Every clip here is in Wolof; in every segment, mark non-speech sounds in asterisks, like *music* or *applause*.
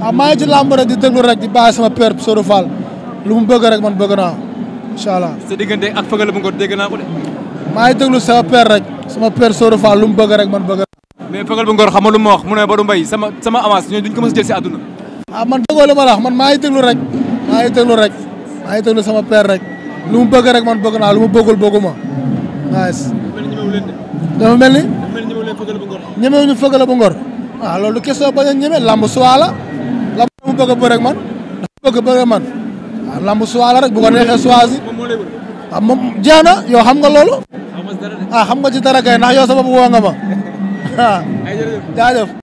amay ah, ci làmb rek di deglu rek di baye sama père Soro Fall lu mu bëgg rek man bëgg na inshallah allah. sa ak fëgal bu ko dégg na ko dé may deglu sama père rek sama père Soro Fall lu mu bëgg rek man bëgg naa. mais fëgal bu ngor xam lu wax mu ne du mbay sama sama avance ñoo duñ ko mësa jël ci aduna ah man déggoo lu ma wax man may deglu rek may deglu rek may deglu sama père rek lu mu bëgg rek man bëgg na lu mu bëggul bëgguma nice. dafa melni ni. dafa fëgal bu ngor. ñemewuñu fëgal bu ngor waaw ah, loolu question bëgg a bëre ak man a bëre man waaw ah, lamb suwa la rek bu ko neexee suwa si waaw moom na yow xam nga loolu ah xam nga ci dara kay ndax yow sa bopp woo nga *laughs*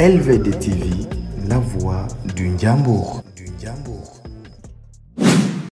LVD TV, la voix du Ndiambour.